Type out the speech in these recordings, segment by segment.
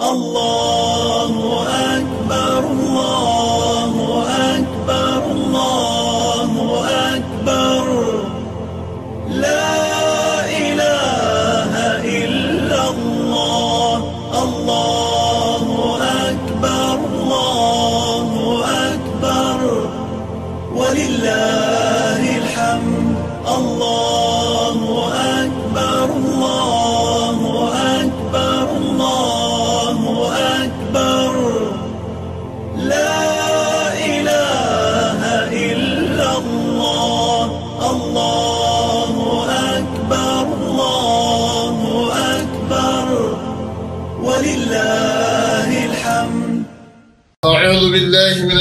الله أكبر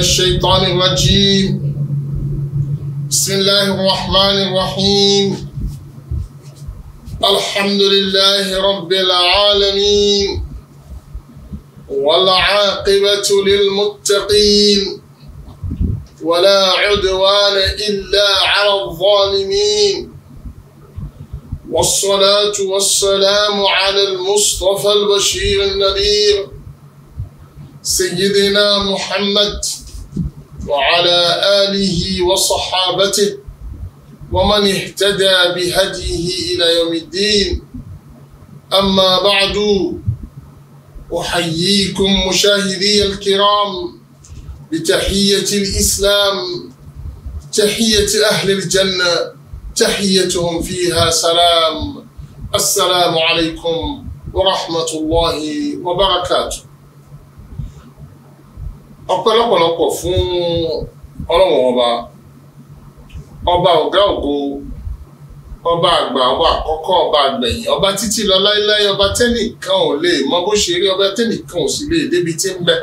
الشيطان الرجيم بسم الله الرحمن الرحيم الحمد لله رب العالمين والعاقبة للمتقين ولا عدوان إلا على الظالمين والصلاة والسلام على المصطفى البشير النذير سيدنا محمد وعلى آله وصحابته ومن اهتدى بهديه إلى يوم الدين أما بعد أحييكم مشاهدي الكرام بتحية الإسلام تحية أهل الجنة تحيتهم فيها سلام السلام عليكم ورحمة الله وبركاته ọpẹ́ lọ́pọ̀lọpọ̀ fún ọlọ́wọ̀n ọba ọba ọ̀gá ògo ọba àgbà ọba àkọ́kọ́ ọba àgbẹ̀yìn ọba títí lọ láéláé ọba tẹ́nìkan ò lè mọ bó ṣe rí ọba tẹ́nìkan ò sì lè débi tí ń bẹ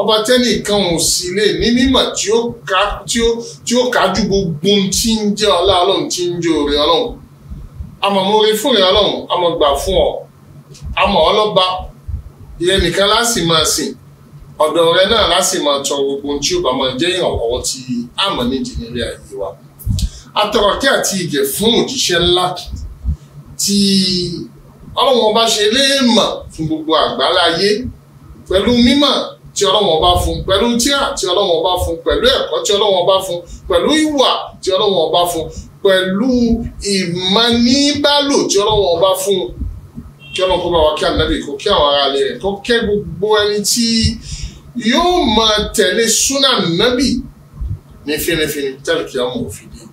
ọba tẹ́nìkan ò sì lè ní mímọ̀ tí ó ká tí ó tí ó kájú gbogbo tí ń jẹ́ ọlá ọlọ́run tí ń jẹ́ oore ọlọ́run àmọ́ mo rí fún rẹ ọlọ́run àmọ́ gbà fún ọ àmọ́ ọlọ́ba ìyẹn nìkan láti máa sìn ọ̀dọ̀ rẹ náà láti máa tọrọ gbogbo ohun tí ó bá máa jẹ́ ìrànlọ́wọ́ tí a mọ̀ nídìí nílé ayé wa atọ̀rọ̀kẹ́ àti ìgẹ̀ fún òjíṣẹ́ ńlá tí ọlọ́run ọba ṣe léèmọ̀ fún gbogbo àgbáláyé pẹ̀lú mímọ̀ tí ọlọ́run ọba fún pẹ̀lú tíra tí ọlọ́run ọba fún pẹ̀lú ẹ̀kọ́ tí ọlọ́run ọba fún pẹ̀lú ìwà tí ọlọ́run ọba fún pẹ̀lú ìmọ̀níbálò kí ọlọ́run kó bá wa kí ànábì kó kí àwọn aráalé rẹ̀ kó kẹ́ gbogbo ẹni tí yóò máa tẹ̀lé súnà nábì ní fínífíní tẹ́lẹ̀ kí á mọ̀ òfin dé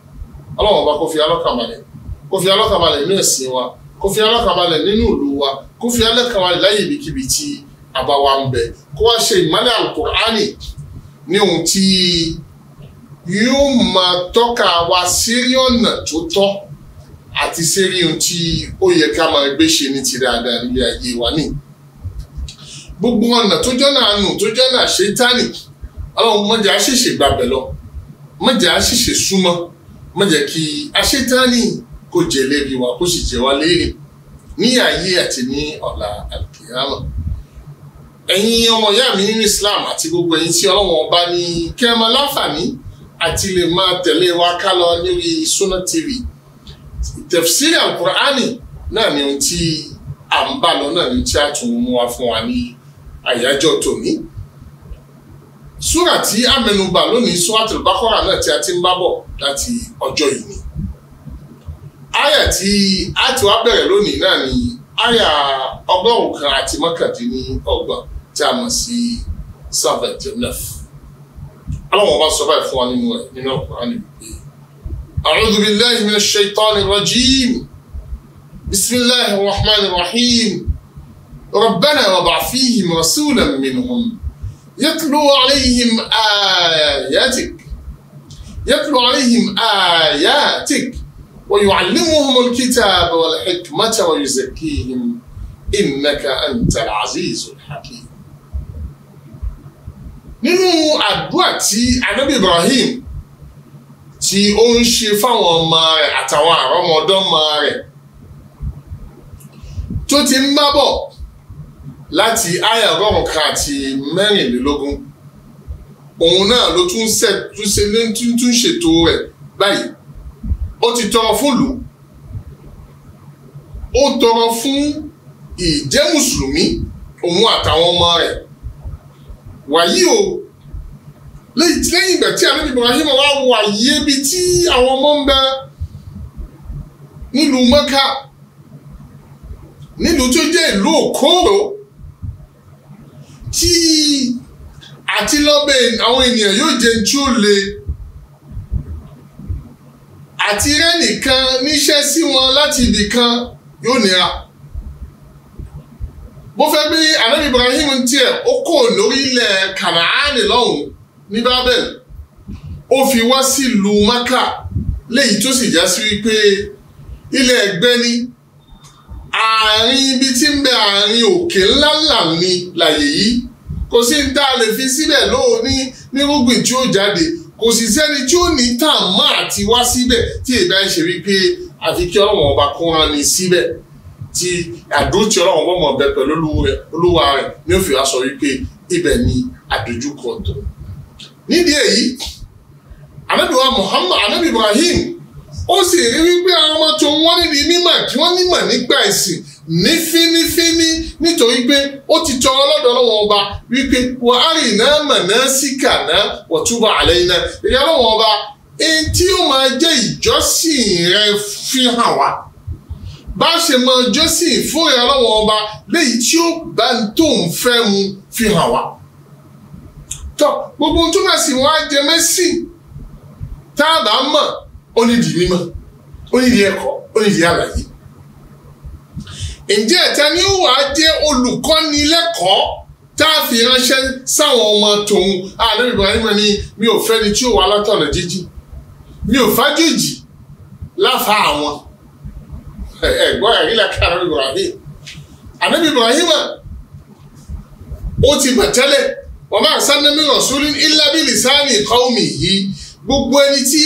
ọlọ́wọ́n bá kó fi alọ́kàbalẹ̀ kó fi alọ́kàbalẹ̀ nínú ẹ̀sìn wa kó fi alọ́kàbalẹ̀ nínú ìlú wa kó fi alọ́kàbalẹ̀ láyé ibikíbi tí àbá wa ń bẹ kó wá ṣe ìmọ̀lẹ̀ alukur'ani ní ohun tí yóò máa tọ́ka wa sírí ọ̀nà tó tọ́ àti sírí ohun tí ó yẹ ká máa gbé ṣe ní ti dáadáa ayé wa nìyí. gbogbo ọ̀nà tó jọ́nà àánú tó jọ́nà ṣètánì ọlọ́run má jẹ́ gbàbẹ̀ lọ má jẹ́ súnmọ́ má kí àṣetánì kò jẹ lébi wa kó sì jẹ wá ní ayé àti ní ọ̀la Islam àti gbogbo ẹ̀yin tí ọlọ́run ọba ní láǹfààní àti lè máa tẹ̀lé wa al náà ni ohun tí à ń bá lọ wa fún wa àyájọ́ tòní súrà tí a mẹ́nubà lónìí suratul Baqara náà tí a ti ń bá bọ̀ láti ọjọ́ yìí ni àyà tí a ti wá bẹ̀rẹ̀ lónìí náà ni àyà ọgọ́rùn-ún kan àti mọ́kàndínlọ́gbọ̀n tí a mọ̀ sí seventy nine aláwọ̀ bá sọ báyìí fún wa nínú ẹ̀ nínú Al-Qur'ani wípé a'udhu billahi minash shaitani rajim bismillahir rahmanir rahim. ربنا وضع فيهم رسولا منهم يتلو عليهم آياتك يتلو عليهم آياتك ويعلمهم الكتاب والحكمة ويزكيهم إنك أنت العزيز الحكيم nínú àdúrà tí anábì Ibrahim tí ó ń ṣe fáwọn ọmọ rẹ̀ àtàwọn àrọ́mọdọ́mọ rẹ̀ tó ti ń bá bọ̀ láti àyà ọgọ́rùn-ún kan àti mẹ́rìnlélógún òun náà ló tún ṣètò rẹ̀ báyìí ó ti tọrọ fún lù ó tọrọ fún ìjẹ́ mùsùlùmí òun àtàwọn ọmọ rẹ̀ wàyí o lẹ́yìn ìgbà tí àlejò Ibrahim wá wọ àyè ibi tí àwọn ọmọ ń bẹ nílùú Mẹ́kà nílùú tó jẹ́ ìlú òkòrò tí àti lọ́bẹ̀ àwọn ènìyàn yóò jẹ tí le àti rẹ́nìkan níṣẹ́ sí wọn láti ibì kan yóò nira bó fẹ́ bí anabi Ibrahim tiẹ̀ ó kò lórí ilẹ̀ Kànáánì lọ́hùn ní Babel ó fi wá sílùú Maka léyìí tó sì já sí wípé ilẹ̀ ẹgbẹ́ ni àárín ibi tí ń bẹ àárín òkè ńláńlá ni láyè yìí kò sí ní tá a lè fi síbẹ̀ lóòní nírúgbìn tí ó jáde kò sì sẹ́ni tí ó ní tàn mọ́ àti wá síbẹ̀ tí ìgbà ń ṣe wípé àfi kí ọlọ́wọ́n ọba kó rán ni síbẹ̀ tí àdúrótì ọlọ́wọ́n bọ́ mọ̀ bẹ́ẹ̀ pẹ̀lú olúwa rẹ̀ ni ó fi wá sọ wípé ibẹ̀ ni àdójúkọ tó. nídìí èyí anábìwá Muhammad anábì Ibrahim ó sì rí wípé àwọn ọmọ tó wọ́n nídìí mímọ̀ kí wọ́n nímọ̀ nígbà ìsìn ní fínífíní nítorí pé ó ti tọ ọlọ́dọ̀ lọ́wọ́ ọba wípé wàhálì náà mọ̀ náà síkà náà wọ̀túbà àlẹ́ iná ìyá lọ́wọ́ ọba èyí tí ó máa jẹ́ ìjọsìn rẹ fi hàn wá bá ṣe mọ jọ́sìn fún ìyá lọ́wọ́ ọba léyìí tí ó bá ń tó ń fẹ́ mu fi hàn wá. tọ́ gbogbo ohun tó bá sì jẹ mẹ́sìn tá a bá mọ̀ ó ní ìdí mímọ̀ ó ní ìdí ẹ̀kọ́ ó ní ìdí àlàyé ǹjẹ́ ẹ̀ta ni ó wàá jẹ́ olùkọ́ni lẹ́kọ̀ọ́ tá a fi ránṣẹ́ sáwọn ọmọ tòun ààrẹ Ibrahim ni mi ò fẹ́ ni tí ó wà látọ̀nà jíjìn mi ò fájèjì láfa àwọn ẹ̀gbọ́n ẹ̀rí lẹ́ka ààrẹ Ibrahim ààrẹ Ibrahim ó ti mọ̀ tẹ́lẹ̀ wọ́n máa sáré mi rọ̀ sórí illa bi lisani qawmihi gbogbo ẹni tí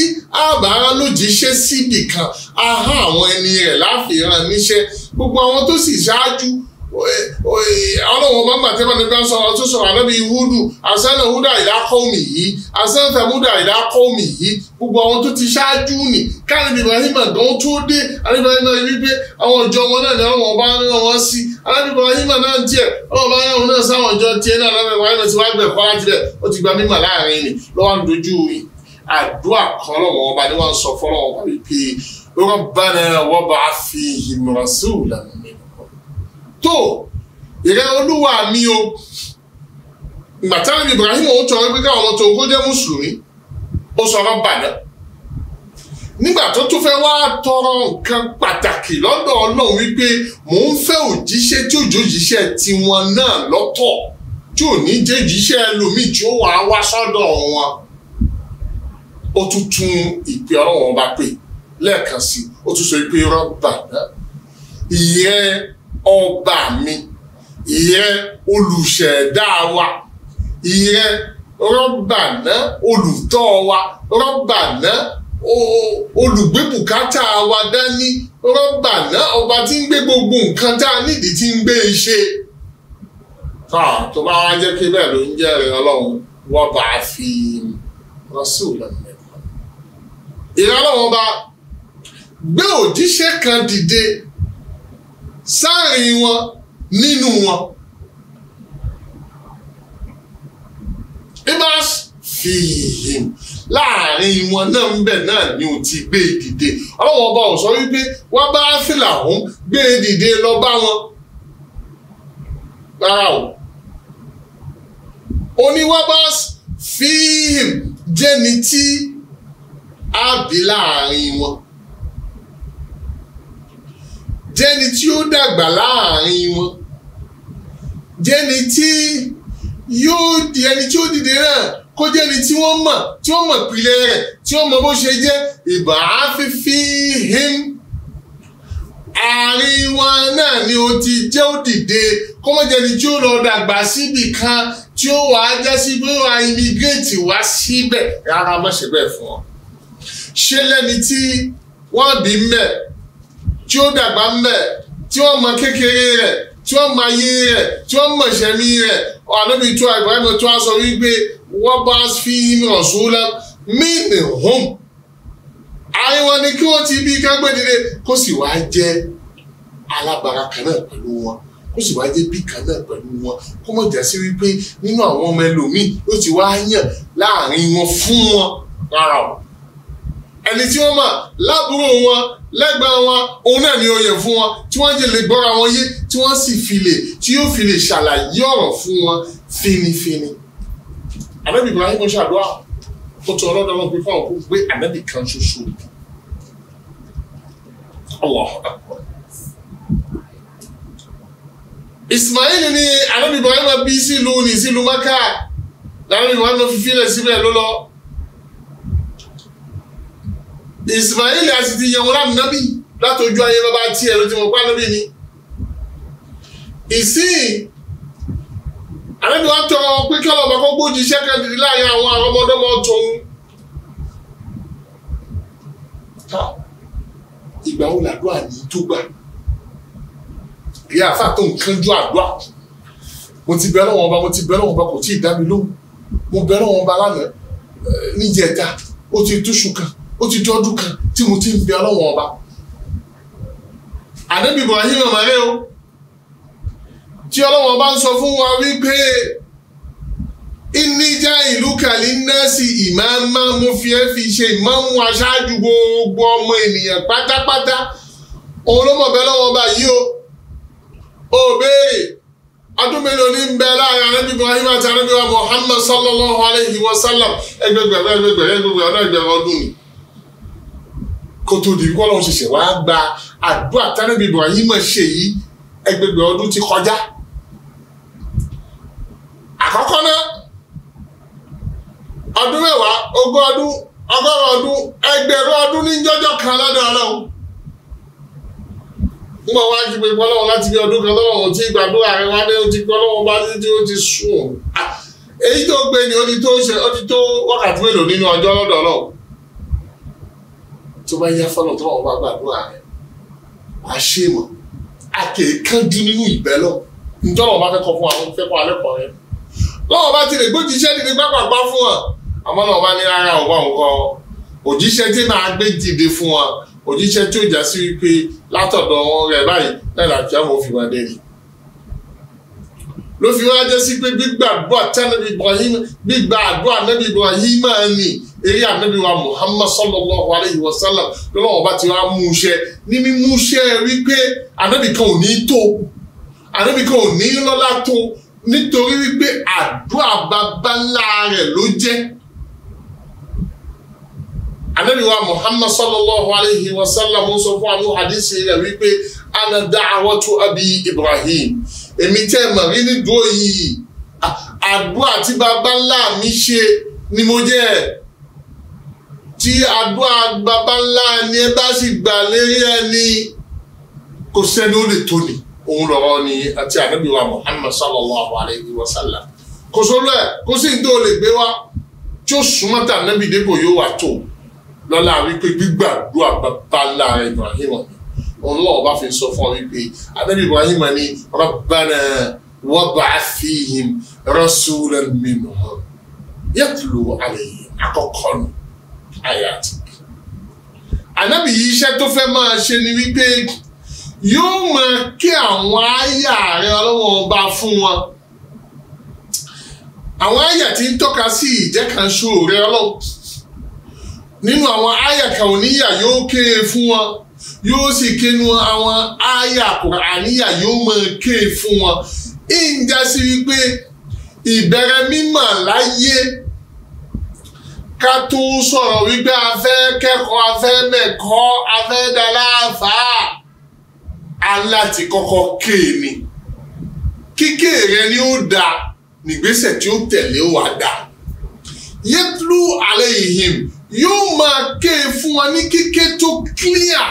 àbára lòjíṣẹ́ síbì kan ahọ́n àwọn ẹni rẹ̀ láfihàn níṣẹ́ gbogbo àwọn tó sì ṣáájú ọlọ́wọ́n bá gbàtẹ́ bá nípa sọ̀rọ̀ tó sọ̀rọ̀ ànábì húdù àsánà húdà ìdákọ́ mi yìí àsánà tàmúdà ìdákọ́ mi yìí gbogbo àwọn tó ti ṣáájú nì káàdì Ibrahim gan tó dé ànábì Ibrahim wípé àwọn ìjọ wọn náà ni àwọn ọba náà wọn sí ànábì Ibrahim náà tiẹ̀ àwọn ọba náà wọn náà sáwọn ìjọ tiẹ̀ náà ànábì Ibrahim náà ti wá gbẹ̀kọ́ láti bẹ̀ ó ti gba mímọ̀ láàrin ni lọ́wọ́ àdójú yìí àdúrà kan náà wọn bá ní wọn sọ fọlọ wọn wá wípé rabbana wab'ath fihim rasulan minhum tó ìrẹ olúwa mi o gbàtàlẹ́ Ibrahim ó tọrọ pé káwọn ọmọ tó kó jẹ́ mùsùlùmí ó sọ rabbana nígbà tó tún fẹ́ wá tọrọ nǹkan pàtàkì lọ́dọ̀ ọlọ́run wípé mò ń fẹ́ òjíṣẹ́ tí òjò òjíṣẹ́ tiwọn náà lọ́tọ̀ tí ò ní jẹ́ òjíṣẹ́ ẹlòmíì tí ó wàá wá sọ́dọ̀ wọn ó tún tún ìpè ọlọ́run ọba pè lẹ́ẹ̀kan sí ó tún sọ pé rọ́bà náà ìyẹ́ ọba mi ìyẹ́ olùṣẹ̀dá wa ìyẹ́ rọ́bà náà olùtọ́ wa rọ́bà náà olùgbé bùkátà wa dání rọ́bà náà ọba tí ń gbé gbogbo nǹkan tá a nídìí tí ń gbé e ṣe tó bá wá jẹ́ pé bẹ́ẹ̀ ló ń jẹ́rìí ọlọ́run wọ́n bá fi rọ́ṣùlọ́nù ìrànlọ́wọ́ bá gbé òjíṣẹ́ kan dìde sáàrin wọn nínú wọn. ibà fìhìm láàrin wọn náà ń bẹ̀ náà ni ò ti gbé e dìde ọlọ́wọ́n ọba ò sọ wípé wọ́n bá fìlà ọ̀hún gbé e dìde lọ bá wọn. rárá o oníwábà fìhìm jẹ́ni tí á bí láàrin wọn jẹ́ni tí ó dàgbà láàrin wọn jẹ́ni tí yóò di ẹni tí ó dìde náà kó jẹ́ni tí wọ́n mọ̀ tí wọ́n mọ̀ ìpìlẹ̀ rẹ̀ tí wọ́n mọ̀ bó ṣe jẹ́ ìbá fífi him àárín wọn náà ni o ti jẹ́ ó dìde kó mọ̀ jẹ́ni tí ó lọ dàgbà síbì kan tí ó wàá jásí pé ó wàá immigrate wá síbẹ̀ rárá má ṣe bẹ́ẹ̀ fún ọ ṣé lẹ́ni tí wọ́n bí mbẹ̀ tí ó dàgbà mbẹ̀ tí wọ́n mọ kékeré rẹ̀ tí wọ́n mọ ayé rẹ̀ tí wọ́n mọ ìṣẹ̀mí rẹ̀ ànábì tó Ibrahim tó a sọ wípé wọ́n bá fi hìmìràn sóòlá mímì hùm àìwọ̀n ni kí wọ́n ti bí kágbé dìde kó sì wá jẹ́ alábàárà kan náà pẹ̀lú wọn kó sì wá jẹ́ bí kan náà pẹ̀lú wọn kó mọ̀ já sí wípé nínú àwọn ọmọ ẹlòmíì ló ti wá yàn láàrin wọn fún wọn rárá o ẹni tí wọ́n mọ̀ lábúrò wọn lẹ́gbàá wọn òun náà ni oyè fún wọn tí wọ́n jẹ́ lè gbọ́ra wọn yé tí wọ́n sì fi lè tí yóò fi lè ṣàlàyé ọ̀rọ̀ fún wọn finifini. Ànábì Ibrahim ń ṣàdúrà ó tọ ọlọ́dọ̀ wọn pé fáwọn kó gbé ànábì kan ṣoṣo. Ismail ni ànábì Ibrahim bí sílùú ní sílùú Maka láàrin ìwádìí ló fi fílẹ̀ síbẹ̀ ló lọ. Ismail àti ti yan wọn láti nábì látọjú ayé bàbá tiẹ̀ ló ti mọ̀ pa nábì ni ìsìn àrẹ́bíwá tọ pé kí ọlọ́ba kó gbójú iṣẹ́ kan dìde láàrin àwọn àrọ́mọdọ́mọ tóun ìgbà wo làdúrà ní tó gbà ìyá àfà tó nǹkan ju àdúrà mo ti bẹ̀rẹ̀ wọn ba mo ti bẹ̀rẹ̀ wọn ba kò tí ì dá mi lóhùn mo bẹ̀rẹ̀ wọn ba lánàá eh, níjẹta ó ti túṣu kan ó ti dọ́dún kan tí mo ti ń bẹ ọlọ́wọ́n ọba ànábì Ibrahim ọ̀mọ̀rẹ́ o tí ọlọ́wọ́n ọba ń sọ fún wa wípé ìníjà ìlú kàlí nọ́ọ̀sì ìmáàmá mo fi ẹ́ fi ṣe ìmáàmù aṣáájú gbogbo ọmọ ènìyàn pátápátá òun ló mọ̀ bẹ́ẹ̀ lọ́wọ́ ọba yìí o ó béèrè ọdún mélòó ní bẹ láàrin arábí Ibrahim àti arábí wa Muhammad sallallahu alayhi wa sallam ẹgbẹgbẹrún ẹgbẹgbẹrún ẹgbẹgbẹrún ọdún ẹgbẹrún ọdún ni kó tó di kọ́ lọ́n ṣẹ̀ṣẹ̀ wá gba àdúrà tánàbí Ibrahim ṣe yìí ẹgbẹgbẹ ọdún ti kọjá àkọ́kọ́ náà ọdún mẹ́wàá ogún ọdún ọgọ́rùn ọdún ẹgbẹ̀rún ọdún ní jọjọ kan lọ́dọ̀ Ọlọ́run nígbà wá kí pé Ọlọ́run láti fi ọdún kan lọ́wọ́ tí ìgbàdúrà rẹ wá dé ó ti gbọ́ lọ́wọ́ bá títí ó ti sùn ah, èyí tó gbé ni ó ti tó wákàtí mélòó nínú ọjọ́ lọ́dọ̀ Ọlọ́run tó bá yá fọlọ́ tó bá wọn bá gbàdúrà rẹ̀ wàá ṣe mọ̀ a nínú ìbẹ́ lọ ǹjọ́ lọ́wọ́ bá fẹ́ kọ́ fún àwọn fẹ́ kọ́ alẹ́ kọ́ rẹ̀ lọ́wọ́ bá ti lè gbójúṣẹ́ níbi pápákọ̀ fún wọn àmọ́ náà bá ní rárá òun bá òun kọ́ òjíṣẹ́ tí máa gbé dìde fún wọn òjíṣẹ́ tí ó jà sí wípé látọ̀dọ̀ wọn rẹ̀ báyìí náà làkíyàwó fi wá dé ló fi wá jẹ́ sí pé gbígbà àdúrà tí anabi ibrahim gbígbà àdúrà anabi ibrahim máa ní eré anabi wa muhammad sallallahu alayhi wa sallam lọ́wọ́ ọba ti wá mú iṣẹ́ ní mímú iṣẹ́ rí pé anabi kan ò ní tó anabi kan ò ní lọ́lá tó nítorí wípé àdúrà bàbá ńlá rẹ̀ ló jẹ́ anabi wa muhammad sallallahu alayhi wa sallam sọ fún àwọn hadisi rẹ̀ wípé ana da'awatu abi ibrahim èmi tẹ́ ẹ mọ̀ rí nídùú yìí àdúrà tí bàbá ńlá mi ṣe ni mo jẹ́ tí àdúrà bàbá ńlá ni ẹ bá sì gbà lérí ẹni kò sẹ́ni ó lè tóni òun lọ́rọ́ ni àti ànábì wa Muhammad sallallahu alayhi wa sallam kò sọ́lọ́ ẹ̀ kó sì ń tó lè gbé wá tí ó súnmọ́ tà ànábì yóò wà tó lọ́la wípé gbígbàdúrà bàbá ńlá Ibrahim ọlọ́ọ̀bá fi sọ fún ọ wípé Ànábì Ibrahim ní Rabbana wab'ath fihim rasulan minhum yatlu alayhim àkọ́kọ́ nù ayat. Ànábì yìí iṣẹ́ tó fẹ́ máa ṣe ni wípé yóò máa kí àwọn àyà rẹ ọlọ́wọ́n ọba fún wọn àwọn àyà tí ń tọ́ka sí ìjẹ́kanṣu rẹ ọlọ́wọ́ nínú àwọn àyà kan òníyà yóò kéé fún wọn yóò sì kínú àwọn àyà àníyà yóò mọ ké fún wọn ìjà sí wípé ìbẹ̀rẹ̀ mímọ̀ láyé ká tó sọ̀rọ̀ wípé a fẹ́ kẹ́kọ̀ọ́ a fẹ́ mẹ́kọ́ a fẹ́ aláti kọ́kọ́ ké ni kíké rẹ ni ó da nígbésẹ̀ tí ó tẹ̀lé wa da yẹtlu alẹ́ yìí yóò máa ké fún wa ní kíké tó clear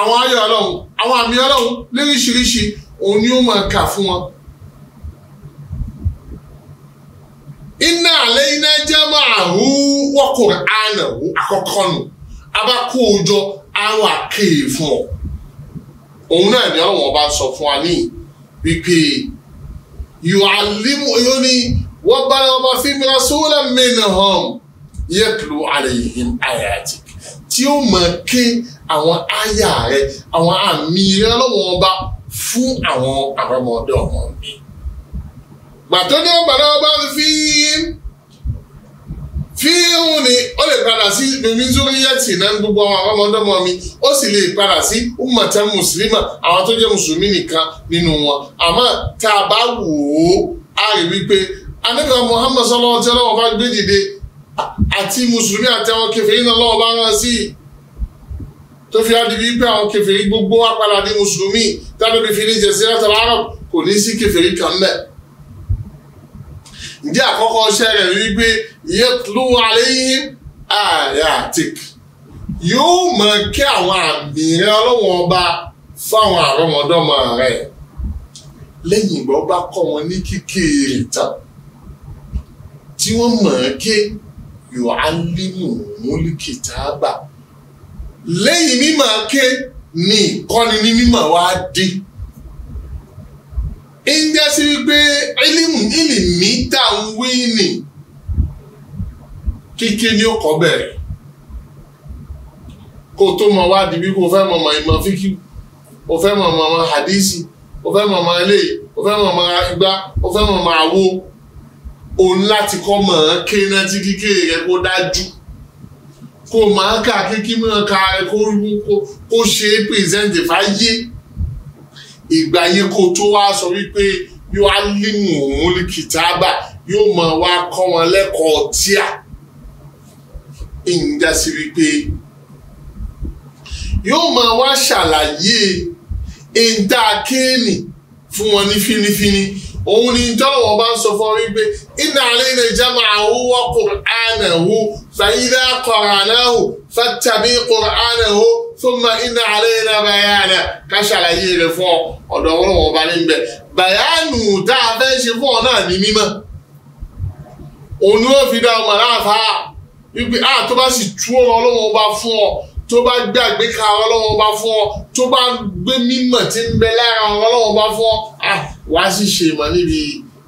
àwọn ayọ̀ ọlọ́run àwọn àmì ọlọ́run lóríṣiríṣi òun ni ó máa kà fún wọn. iná àlẹ́ iná jẹ́ máa hú wọ́kùnrin àná àkọ́kọ́ nù abákú òjọ àwọn àkéè e fún ọ. òun náà ni ọlọ́run ọba sọ fún wa ní wípé yóò alimu yóò ní wọ́n bá ọba fífi rasulan minhum yatlu alayhim ayatik tí ó máa ké àwọn àyà rẹ àwọn àmì rẹ lọ́wọ́ ọba fún àwọn àrọ́mọdé ọmọ mi. gbàtọ́jú ọ̀gbàdá ọba fi fi hun ni ó lè padà sí mímí sórí yẹtì náà gbogbo àwọn àrọ́mọdé ọmọ mi ó sì lè padà sí ummatan muslima àwọn tó jẹ́ mùsùlùmí nìkan nínú wọn àmọ́ tá a bá wò ó a rí wípé anábìá Muhammad sallallahu alaihi wasallam bá gbé dìde àti mùsùlùmí àti àwọn kèfèrí náà lọ́wọ́ bá rán sí i tó fi adi wípé àwọn kèfèrí gbogbo apàdà ní mùsùlùmí tábí bí fìdí jẹ sílẹ̀ tàbí arab kò ní sí kèfèrí kan mẹ́. ǹjẹ́ àkọ́kọ́ iṣẹ́ rẹ̀ wípé yatlu alayhim ayatik yóò máa kí àwọn àmì rẹ̀ ọlọ́wọ́n ọba fáwọn àrọ́mọdọ́mọ rẹ̀ lẹ́yìn ìgbà ọba kọ́ wọn ní kíkéèrè tán tí wọ́n mọ̀ ọ́n ké yóò á lé mùmúlì kìtàbà lẹ́yìn mímọ̀ ké ni ìkọ́ni ní mímọ̀ wá dé ń jẹ́ sí wípé ìlìmù ìlìmí tá à ń wí nì kíké ni ó kọ́ bẹ̀rẹ̀ kó tó mọ̀ wá di bí kò fẹ́ mọ̀ mọ̀ ìmọ̀ fíkì o fẹ́ mọ̀ mọ̀ mọ̀ hadisi o fẹ́ mọ̀ mọ̀ eléyìí o fẹ́ mọ̀ mọ̀ igbá o fẹ́ mọ̀ mọ̀ àwo òun láti kọ́ mọ̀ ké náà tí kíké rẹ̀ kó dájú kó máa kà kíkí mìíràn ká rẹ kó mú kó ṣe é pèsèǹtì fáyé ìgbà yẹn kó tó wá sọ wípé yóò á límù òun ní kìtàbà yóò máa wá kọ́ wọn lẹ́kọ̀ọ́ tíà ń sí wípé yóò máa wá ṣàlàyé ń kéènì fún wọn ní fínnífínní òun ni tọ́lọ̀wọ̀ bá ń sọ fún ọ wípé inna alayna jam'ahu wa qur'anahu fa idha qara'nahu fattabi qur'anahu thumma inna alayna bayana ká ṣàlàyé rẹ̀ fún ọ ọ̀dọ̀ ọlọ́wọ̀ bá ní bàyánù tá a fẹ́ ṣe fún ọ náà ní mímọ́ òun ni ó fi dá ọmọ náà fà á wípé àtọ́ ah, sì tú ọ̀rọ̀ ọlọ́wọ̀ bá fún ọ tó bá gbé àgbéka ọlọ́wọ́n bá fún ọ tó bá gbé mímọ̀ tí ń bẹ lára ọlọ́wọ́n bá fún ọ wá sí ṣe mọ̀ níbi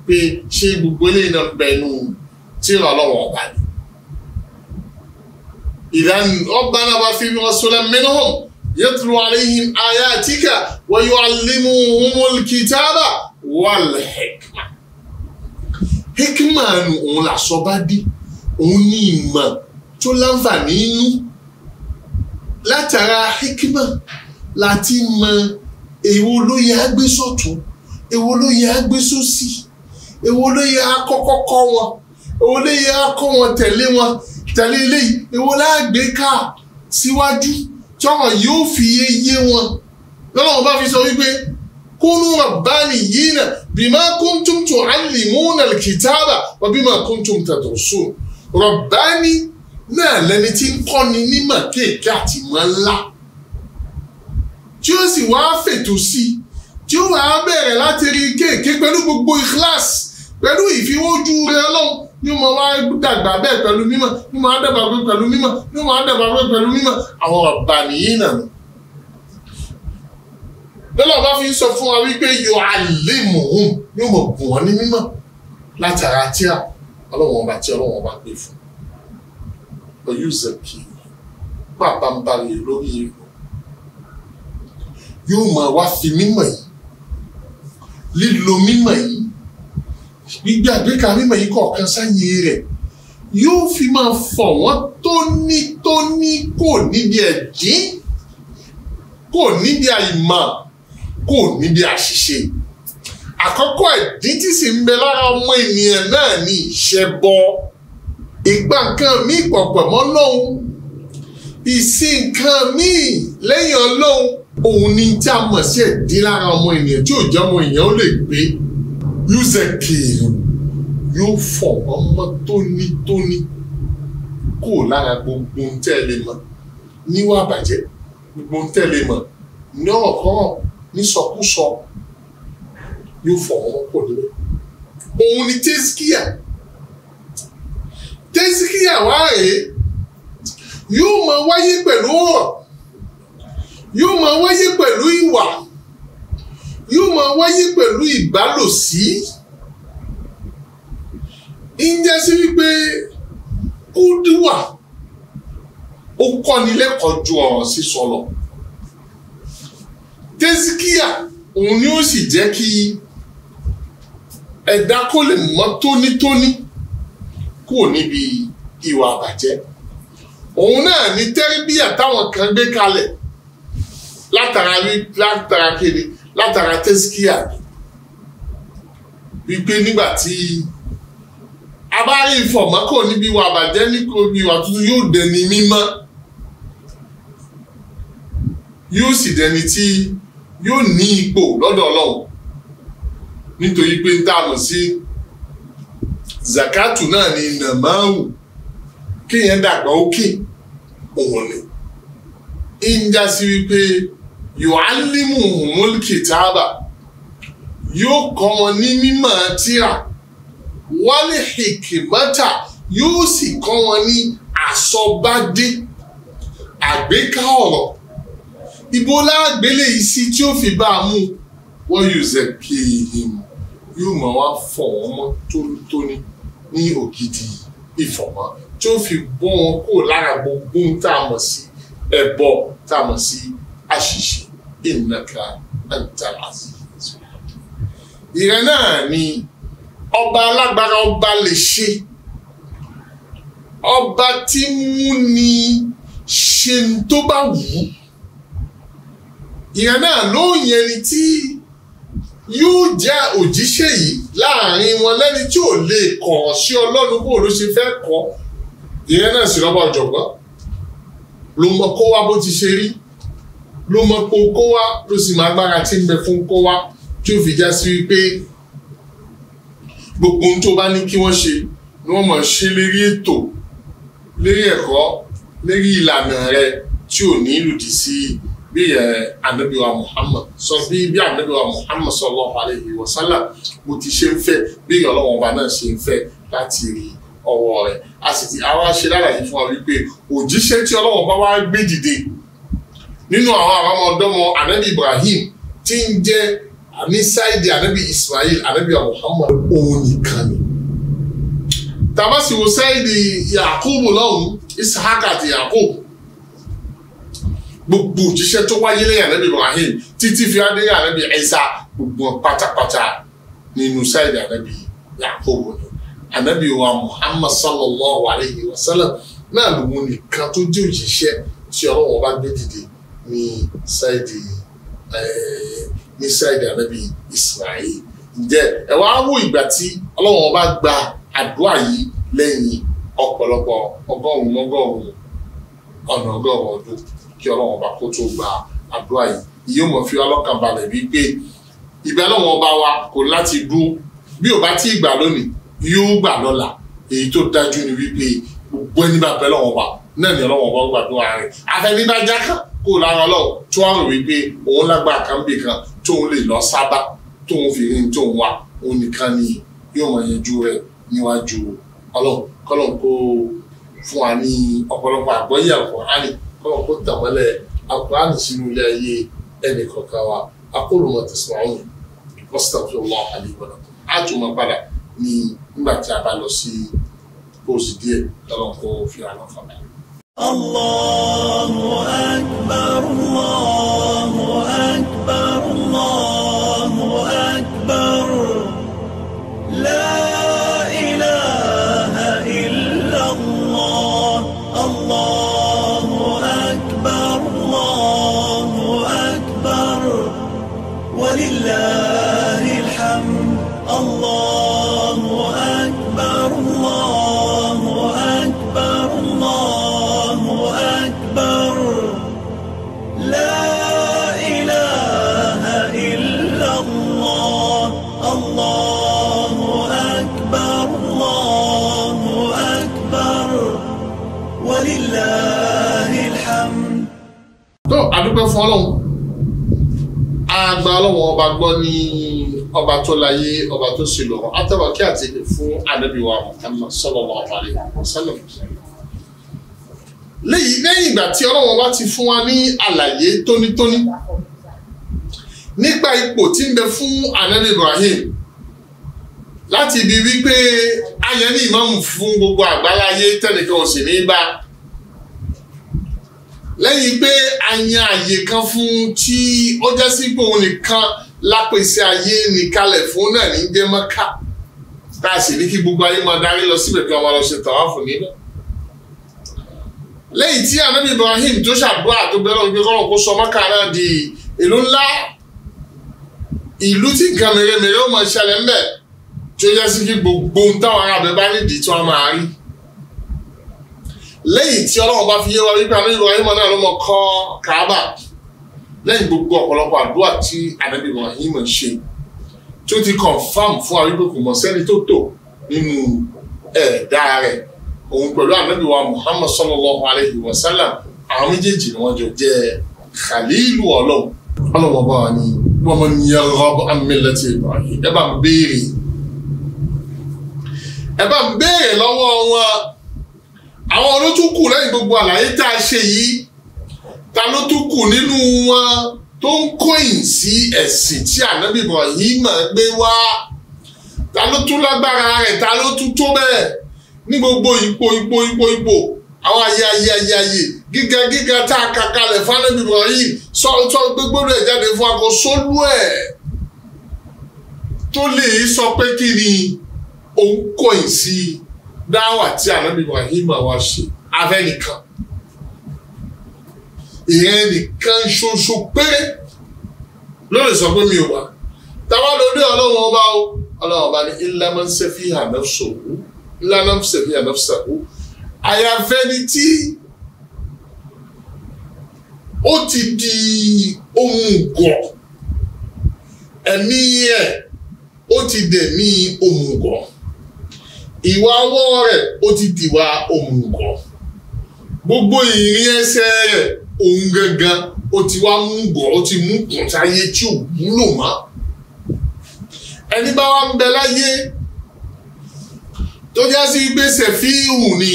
pé ṣé gbogbo eléyìí náà bẹ̀ tí ọlọ́wọ́n bá ní. إذا ربنا وفي رسولا منهم يتلو عليهم آياتك ويعلمهم الكتاب والحكمة hikma nu òun làsọ bá dé òun ní ìmọ̀ tó láǹfààní inú látara hikima láti mọ èwo ló yẹ agbé sọ̀tún èwo ló yẹ agbé sósì èwo ló yẹ akọ́kọ́ kọ́ wọn èwo ló yẹ akọ́ wọn tẹ̀lé wọn tẹ̀lé eléyìí èwo láàgbé ká síwájú tí ọ̀rọ̀ yóò fi yé yé wọn lọ́nà wọn bá fi sọ wípé kúnú rabbani yìí nà bima kuntum tu'allimuna al-kitaba wa bima kuntum tadrusun rabbani náà lẹni tí ń kọ́ni nímọ̀ kéèké àti mọ̀ ńlá tí ó sì wá fètò sí tí ó wá bẹ̀rẹ̀ láti rí kéèké pẹ̀lú gbogbo ìkíláàsì pẹ̀lú ìfiwójú rẹ̀ ọlọ́run ní mo wá dàgbà bẹ́ẹ̀ pẹ̀lú mímọ̀ ní mo wá dàgbà bẹ́ẹ̀ pẹ̀lú mímọ̀ ní mo wá dàgbà bẹ́ẹ̀ pẹ̀lú mímọ̀ àwọn ọ̀bà nìyí nà mí. lọ́lọ́ bá fi ń sọ fún wa wípé yọ àlè mọ̀ọ́hún yóò mọ̀ bùn wọ́n ní mímọ̀ látara tíra ọlọ́wọ́n ọba tí ọlọ́wọ́n ọba pè fún pẹ̀lú ìzẹ̀kì pàbàmbarì lórí ìlú yóò máa wá fi mímọ̀ yìí lílo mímọ̀ yìí gbígbé àgbékà mímọ̀ yìí kọ̀ọ̀kan sáyé rẹ̀ yóò fi máa fọ̀ wọ́n tónítóní kò níbi ẹ̀dín kò níbi àìmọ̀ kò níbi àṣìṣe àkọ́kọ́ ẹ̀dín tí sì ń bẹ lára ọmọ ènìyàn náà ní ìṣẹ́bọ ìgbà nǹkan míì pọ̀pọ̀ mọ́ lọ́hùn ìsìn nǹkan míì lẹ́yìn ọlọ́hun òun ni tí a mọ̀ sí ẹ̀dí lára ọmọ ènìyàn tí òjò ọmọ ènìyàn ó lè gbé yúzẹ̀ kìlù yóò fọ̀ ọmọ tónítóní kò lára gbogbo ń tẹ́lẹ̀ mọ́ níwà bàjẹ́ gbogbo ń tẹ́lẹ̀ mọ́ ní ọ̀kọ́rọ̀ ní sọkúsọ yóò fọ̀ ọmọ pọ̀ níbẹ̀ òun ni tẹ́síkíà tẹ́síkíyà wá rèé yóò máa wáyé pẹ̀lú ọ̀rọ̀ yóò máa wáyé pẹ̀lú ìwà yóò máa wáyé pẹ̀lú ìbálòsí ń jẹ́ sí wípé kúdùwà ó kọ́ni lẹ́kọ̀ọ́ ju ọ̀rọ̀ sísọ lọ tẹ́síkíyà òun ni ó sì jẹ́ kí ẹ̀dá kó lè mọ́ tónítóní kúrò níbi ìwà àbàjẹ́ òun náà ni tẹ́rìbíyà táwọn kan gbé kalẹ̀ látara látara kiri látara tẹ́síkíà wípé nígbà tí a bá rí ìfọ̀mọ́kò níbi ìwà àbàjẹ́ níbi ìwà tuntun yóò dẹni mímọ́ yóò sì dẹni tí yóò ní ipò lọ́dọ̀ ọlọ́run nítorí pé ń dáàmú sí. Si, zakatu náà ni nàmáwù kí yẹn dàgbà ókè òun ni ń já sí wípé yòálímù múlkì tábà yóò kọ́ wọn ní mímọ̀ tíra wálé hikimata yóò sì kọ́ wọn ní àsọbádé àgbéká ọ̀rọ̀ ibo láàgbélé yìí tí ó fi bá a mú wọ́n yóò zẹ̀ kéèyàn yóò mọ̀ wá fọ̀ wọ́n mọ́ tónítóní ní ògidì ìfọ̀mọ́ tí ó fi bọ́ wọn kúrò lára gbogbo tá a mọ̀ sí ẹbọ tá a mọ̀ sí àṣìṣe ìnàkà àǹtàrà ìrẹ náà ni ọba alágbára ọba lè ṣe ọba tí mú ni ṣe tó bá wù ú ìrẹ náà ló yẹni tí yóò jẹ́ òjíṣẹ́ yìí láàrin wọn lẹ́ni tí ò lè kọ̀ ọ́ sí ọlọ́run bó ló ṣe fẹ́ kọ́ ìyẹn náà sì lọ́ba ọ̀jọ̀gbọ́n ló mọ kó wá bó ti ṣe rí ló mọ pé kó wá ló sì máa gbára tí ń bẹ fún kó wá tí ó fi já sí wípé gbogbo ohun tó bá ní kí wọ́n ṣe ni wọ́n mọ̀ ṣe lérí ètò lérí ẹ̀kọ́ lérí ìlànà rẹ tí ò ní lòdì sí i bi yɛ anabi muhammad sɔ bi bi anabi wa muhammad sallallahu alayhi wa sallam mo ti ṣe ń fẹ́ bí ọlọ́wọ́n ọba náà ṣe ń fẹ́ láti rí ọwọ́ rẹ̀ a sì ti àwa ṣe lálàyé fún wa wípé òjíṣẹ́ tí ọlọ́wọ́n bá wá gbé dìde nínú àwọn àrọ́mọdọ́mọ anabi ibrahim ti ń jẹ́ ní sáìdì anabi ismail anabi wa muhammad òun nìkan ni tàbá sì wo sáìdì yakubu lọ́hùn isahaka àti yakubu gbogbo òjíṣẹ́ tó wáyé lẹ́yìn ànábì Ibrahim títí fi adéyà ànábì ẹ̀sà gbogbo pátápátá nínú sáìdì ànábì Yakubu ni ànábì wa Muhammad sallallahu alayhi wa sallam náà lòun nìkan tó jẹ́ òjíṣẹ́ tí ọlọ́wọ́ bá gbé dìde ní sáìdì ní sáìdì ànábì Israel ǹjẹ́ ẹ wá wò ìgbà tí ọlọ́wọ́ bá gba àdúrà yìí lẹ́yìn ọ̀pọ̀lọpọ̀ ọgọ́rùn-ún ọgọ́rùn-ún ọ̀nà ọgọ́rùn-ún ọdún kí ọlọ́run ọba kó tó gba àdúrà yìí ìyóò mọ̀ fi ọlọ́kàn balẹ̀ wípé ìbẹ́ lọ́wọ́n ọba wa kò láti dúró bí ò bá tí ì gbà lónìí yóò gbà lọ́la èyí tó dájú ni wípé gbogbo ẹni bá bẹ lọ́wọ́n ọba náà ni ọlọ́wọ́n ọba gbàdúrà rẹ̀ afẹ́ni bá já kan kó lára ọlọ́run tó wà rò wípé òun lágbà kan bì kan tóun lè lọ sábà tóun fi rin tóun wà òun nìkan ni yóò mọ̀ yanjú rẹ̀ níwájú ọlọ́run kọ́lọ́run kó fún wa ní ọ̀pọ̀lọpọ̀ àgbọ́yé àlùkò kọ́lọ̀ kó tàmọ́lẹ̀ alukóran sínú ilé ayé ẹnì kọ̀ọ̀kan wa akólo wọn ti sọ̀rọ̀ ọ̀hún mọ́sítàfẹ́ wọn àdìgbọ́n á tún máa padà ní nígbà tí a bá lọ sí pósì díẹ̀ lọ́wọ́ fi hàn lọ́fà mẹ́rin. Allahu akbar Allahu akbar Allahu akbar. La tó àdúpẹ́ fún ọlọ́run àgbà ọlọ́run ọba gbọ́ ní ọba tó láyé ọba tó sì lọ́rọ̀ àtẹ̀wà kí àti ìpè fún ànábì wa Muhammad sallallahu alaihi wasallam léyìí lẹ́yìn ìgbà tí ọlọ́run ọba ti fún wa ní àlàyé tónítóní nípa ipò tí ń bẹ fún ànábì Ibrahim láti ibi wípé ayẹ ní ìmáàmù fún gbogbo àgbáláyé tẹnìkan ò ní bá a lẹ́yìn pé a yan àyè kan fún tí ó jẹ́ sí pé òun nìkan lápèsè ayé nìkalẹ̀ fún náà ní jẹ́ mọ́ká tá a sì ní kí gbogbo ayé máa darí lọ síbẹ̀ kí wọ́n máa lọ ṣe tàwáfù níbẹ̀ lẹ́yìn tí anabi ibrahim tó ṣàdúrà tó bẹ̀rẹ̀ ògbé kọ́rọ̀ kó sọ mọ́kà náà di ìlú ńlá ìlú tí nǹkan mèremère ó máa ṣẹlẹ̀ ńbẹ̀ tí ó jẹ́ sí kí gbogbo ohun táwọn arábẹ́ bá nídìí tí wọ́n máa rí lẹ́yìn tí ọlọ́run bá fi yé wa wípé ànábì Ibrahim náà ló mọ kọ́ Kaaba lẹ́yìn gbogbo ọ̀pọ̀lọpọ̀ àdúrà tí ànábì Ibrahim ṣe tí ó ti confam fún wa wípé kò mọ̀ sẹ́ni tó tò nínú ẹ̀ẹ́dá rẹ̀ òun pẹ̀lú ànábì wa Muhammad sallallahu alayhi wa sallam àwọn méjèèjì ni wọ́n jọ jẹ́ khalilu ọlọ́run ọlọ́run ọba ni wọ́n mọ̀ ní yarghabu an millati Ibrahim ẹ àwọn ló tún kù lẹ́yìn gbogbo àlàyé tá a ṣe yìí ta ló tún kù nínú wọn tó ń kóyìn sí ẹ̀sìn tí ànábì Ibrahim gbé wá ta ló tún lágbára rẹ̀ ta ló tún tó bẹ́ẹ̀ ní gbogbo ipò ipò ipò ipò àwọn ayé ayé ayé ayé gíga gíga tá a kà kalẹ̀ fánábì Ibrahim sọ́ọ́tọ́ gbégbóná ẹ̀ jáde fún akọ sólú ẹ̀ tó lè sọ pé kí ni òun kóyìn sí i dáwà tí ànábì Ibrahim wa ṣe afẹ́nìkan ìyẹn nìkan ṣoṣo péré ló lè sọ pé mi ò wá táwa lórí ọlọ́run ọba o ọlọ́run ọba ní illa man safiha nafsuhu illa man àyàfẹ́ ni tí ó ti di ohun gọ̀ ẹ̀mí ẹ̀ ó ti dẹ̀ mí ohun gọ̀ ìwà ọwọ́ rẹ̀ ó ti dìwà òmùgọ̀ gbogbo ìrìn ẹsẹ̀ rẹ̀ òun gangan ó ti wá mú gọ̀ ó ti mú gùn sáyé tí ò wúlò mọ́ ẹni bá wá ń bẹ láyé tó já sí gbèsè fíìhù ni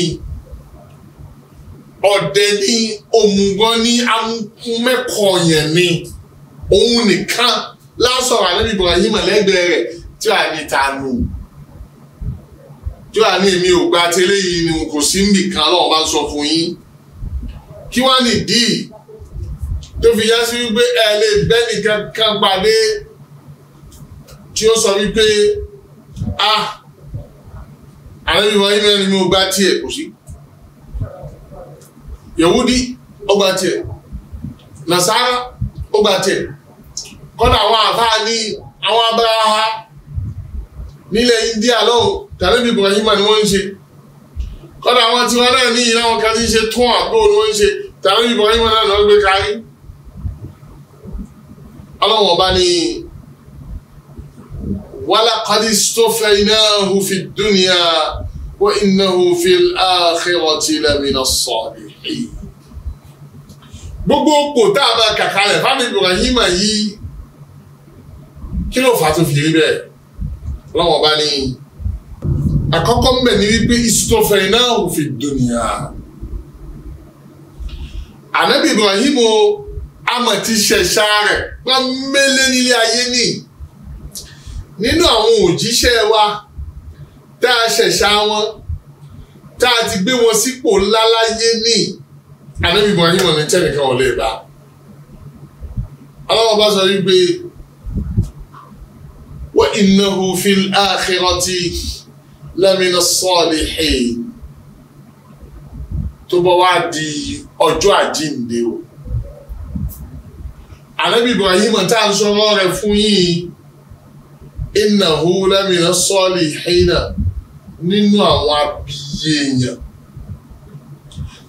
ọ̀dẹ ni òmùgọ̀ ni amúkúmẹ́kọ̀ọ́ yẹn ni òun nìkan lásọ̀rọ̀ àlẹ́ Ibrahim lẹ́gbẹ̀ẹ́ rẹ̀ tí wàá ní tanu yóò wá ní èmi ò gba tẹ́lẹ̀ yìí ni kò sí nìkan Ọlọ́run bá ń sọ fún yín kí wá nìdí tó fi yá sí wípé ẹ lè bẹ́ẹ̀ni kankan pàdé tí ó sọ wípé a àrẹ́bíwá yìí mẹ́rin mi ò gba tiẹ̀ kò sí Yahudi ó gba tiẹ̀ Nasara ó gba tiẹ̀ kọ́nà àwọn àfáà ní àwọn abára nílẹ̀ India lọ́hùn tàbí Ibrahim ni wọ́n ń ṣe kọ́dà àwọn tí wọ́n náà ní ìyá wọn kan ti ń ṣe tún àgbò ni wọ́n ń ṣe tàbí Ibrahim náà lọ́ gbé kárí ọlọ́wọ́n ọba ni walaqad istafaynahu fi dunya wa innahu fil akhirati lamina salihin gbogbo kò tá a bá kàkà fáwọn Ibrahim yìí kí ló fà á tó fi rí bẹ́ẹ̀ ọlọ́wọ́n bá ní àkọ́kọ́ ń bẹ̀ ní wípé ìsútọ́fẹ̀yìn náà ò fi dùnìyà ànábì Ibrahim o àmọ̀ ti ṣẹ̀ṣà rẹ̀ wọ́n mélé nílé ayé nì nínú àwọn òjíṣẹ́ wa tá a ṣẹ̀ṣà wọn tá a ti gbé wọn sípò ńlá láyé nì ànábì Ibrahim ọ̀nà tẹ́nìkan ò lè bá ọlọ́wọ́n bá sọ wípé wa innahu fil akhirati lamina salihin tó bá wá di ọjọ́ àjíǹde o ànábì Ibrahim tá à ń sọ̀rọ̀ rẹ̀ fún yìí innahu lamina salihin nínú àwọn abiyé èèyàn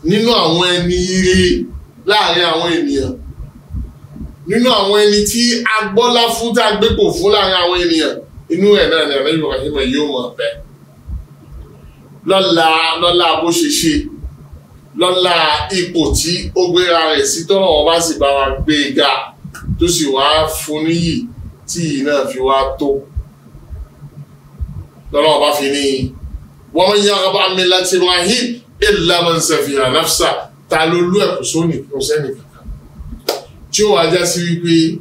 nínú àwọn ẹni ire láàrin àwọn ènìyàn nínú àwọn ẹni tí a gbọ́lá fún tá a gbépò fún láàrin àwọn ènìyàn inú ẹ̀ náà ni àná Ibrahim yóò mọ̀ bẹ́ẹ̀ lọ́la lọ́la bó ṣe ṣe lọ́la ipò tí ó gbéra rẹ̀ sí tọ́nà wọn bá sì bá wa gbé e ga tó sì wá fún níyì tí yìí náà fi wá tó lọ́nà wọn bá fi ní wa man yaghabu an millati Ibrahim illa man safiha nafsa ta ló lú ẹ̀kú sóní kí sẹ́nìkan tí ó wá já sí wípé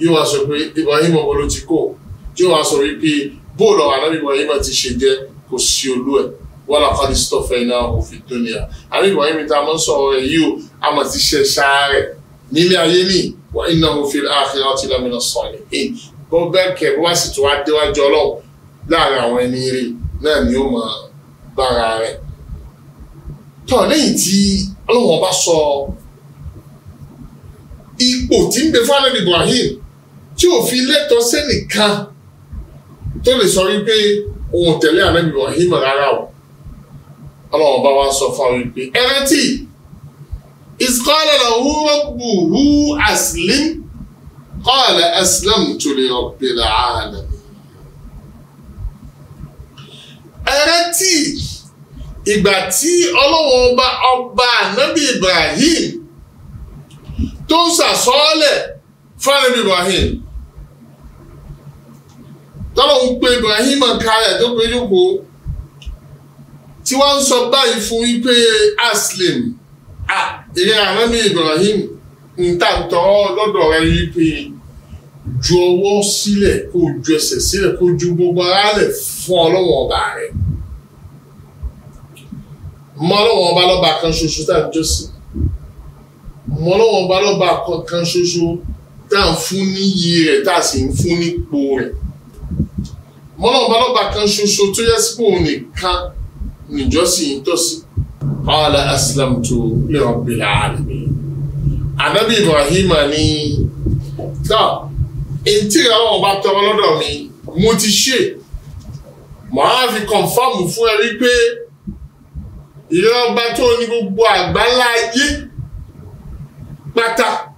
yóò wá sọ pé Ibrahim ọmọ ló ti kó tí ó wá sọ wípé bóòlù ọ̀hún ànábì Ibrahim ti ṣe jẹ́ kò sí olú ẹ̀ wọ́lá kọ́dí stọ́fẹ́ iná òfin tó ní à. àbí Ibrahim tá a mọ́ sọ̀rọ̀ rẹ̀ yìí o a mọ̀ ti ṣe ṣáárẹ̀ nílé ayé ní wa innahu fil akhirati lamina salihin bó bẹ́ẹ̀ kẹ́ bó wá sì tó wá déwájú ọlọ́run láàrin àwọn ẹni rí náà ni ó máa bára rẹ̀. tọ́ lẹ́yìn tí ọlọ́run bá sọ ipò tí ń bẹ fáwọn Ibrahim tí ò fi lẹ́tọ̀ọ́ sẹ́nìkan tó lè sọ wípé òun tẹ̀lé ànábì Ibrahim rárá o ọlọ́run bá wá sọ fún wípé ẹrẹ́tì ìsìkọ́lẹ̀ lahu rabbuhu aslim qala aslamtu li rabbil alamin. ẹrẹ́tì ìgbà tí ọlọ́run ọba ọba ànábì Ibrahim tó ń sàsọ́ọ́lẹ̀ fáwọn Ibrahim tọ́lọ̀ ń pe Ibrahim kárẹ̀ tó pe jókòó tí wọ́n ń sọ báyìí fún wípé aslim ìrìn àrẹ́mí Ibrahim ń tàǹtọ́ lọ́dọ̀ rẹ̀ wípé ju ọwọ́ sílẹ̀ kó ju ẹsẹ̀ sílẹ̀ kó ju gbogbo ara lẹ̀ fún ọlọ́wọ́n ọba rẹ̀ mọ́ ọlọ́wọ́n ọba lọ́ba kan ṣoṣo tá à ń jọ́sìn mọ́lọ́wọ́ bá lọ́ba kankan ṣoṣo tá à ń fún níyì rẹ̀ tá a sì ń fún nípò rẹ̀ mọ́lọ́wọ́ bá lọ́ba kan ṣoṣo tó yẹ sípò nìkan níjọ́sìn tọ́sí qala aslamtu li rabbil alamin anabi ibrahim ni tá etí ìyàwó ọba tọrọ lọ́dọ̀ mi mo ti ṣe màá fi kọ̀nfàmù fún ẹ rí pé ìrọba tó ní gbogbo àgbáńlá ayé pátá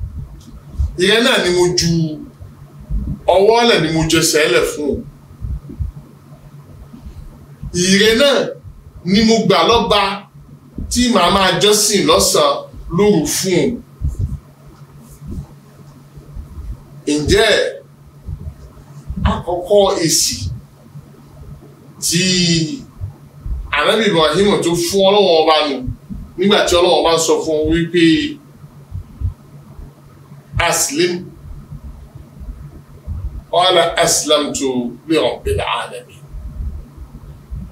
ìyẹn náà ni mo ju ọwọ́ ọ̀lẹ̀ ni mo ju ẹsẹ̀ ẹ̀lẹ̀ fún o ìyẹn náà ni mo gbà lọ́ba tí màá máa jọ́sìn lọ́sàn-án lóru fún ǹjẹ́ àkọ́kọ́ èsì tí ànábì Ibrahim tó fún ọlọ́wọ́n ọba nù nígbà tí ọlọ́wọ́n bá sọ fún wípé aslim qala aslamtu li rabbil alamin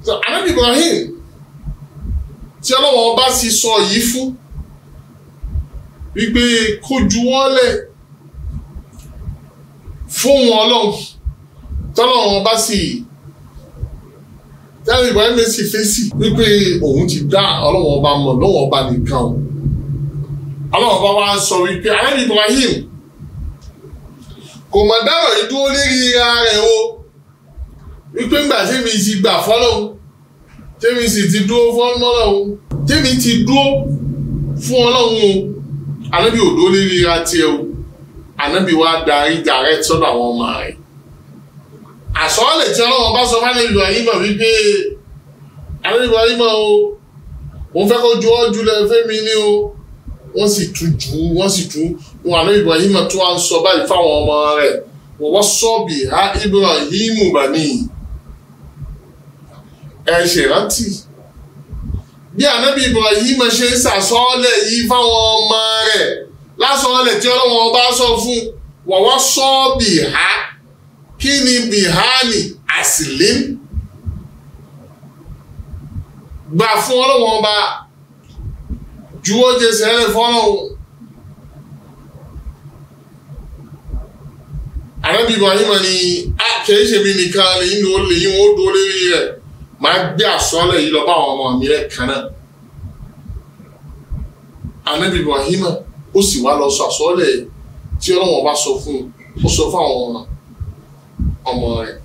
so anabi ibrahim tí ọlọ́wọ́ bá sì sọ yìí fún wípé kó juwọ́lẹ̀ fún wọn ọlọ́run tọ́lọ́wọ́ bá sì tẹ́lẹ̀ ibrahim sì fèsì wípé òun ti dá ọlọ́wọ́ ọba mọ̀ lọ́wọ́ ọba nìkan o ọlọ́run bá wá sọ wípé arábì Ibrahim kò mọ̀ dáwọ̀ yìí dúró lérí ra rẹ̀ o wípé ńgbà tèmi ti gbà fọ́lọ́hún tèmi sì ti dúró fọ́lọ́hún tèmi ti dúró fún ọlọ́hún o anábì ò dúró lérí ra tiẹ̀ o anábì wá darí direct sọ́dọ̀ àwọn ọmọ rẹ̀ àsọ́ọ̀lẹ̀ tí ọlọ́run bá sọ fáwọn Ibrahim ayé wípé Ibrahim o òun fẹ́ kó ju ọ́ jùlọ fẹ́mi ni o wọ́n sì tún jù ú wọ́n sì tún wọn àná Ibrahim tó wá ń sọ báyìí fáwọn ọmọ rẹ̀ wọ́n wọ́n sọ́ọ̀bì ha Ibrahim bani ẹ ṣèrántí bí ànábì Ibrahim ṣe ń sàsọ́ọ́lẹ̀ yìí fáwọn ọmọ rẹ̀ lásọ̀ọ́lẹ̀ tí ọlọ́wọ́n bá sọ fún wọ́n wọ́n sọ́ọ̀bì ha kí ni bihani asilim gbà fún ọlọ́wọ́n bá juwọ́ jẹsẹ̀ ẹlẹ́ fọ́nà o ni a ah, kìí ṣe mi nìkan lèyìn ni ó lèyìn ó dó lérí rẹ̀ máa gbé àsọ́lẹ̀ yìí lọ bá àwọn ọmọ mi rẹ̀ kan náà àrẹ́bí Ibrahim ó sì wá lọ sọ àsọ́lẹ̀ tí ọlọ́wọ́n bá sọ fún un ó sọ fún àwọn ọmọ rẹ̀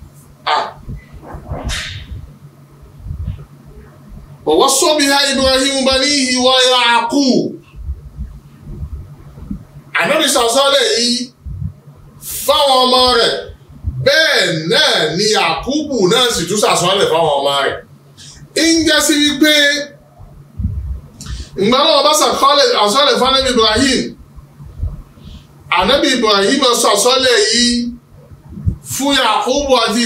ووصى بها إبراهيم بنيه ويعقوب ànábì sàṣálẹ̀ yìí fáwọn ọmọ rẹ̀ bẹ́ẹ̀ náà ni Yákúbù náà sì tún sàṣálẹ̀ fáwọn ọmọ rẹ̀ ń jẹ́ sí wípé ìgbà náà bá sàṣálẹ̀ fánẹ́bí Ibrahim ànábì Ibrahim sàṣálẹ̀ yìí fún Yákúbù àti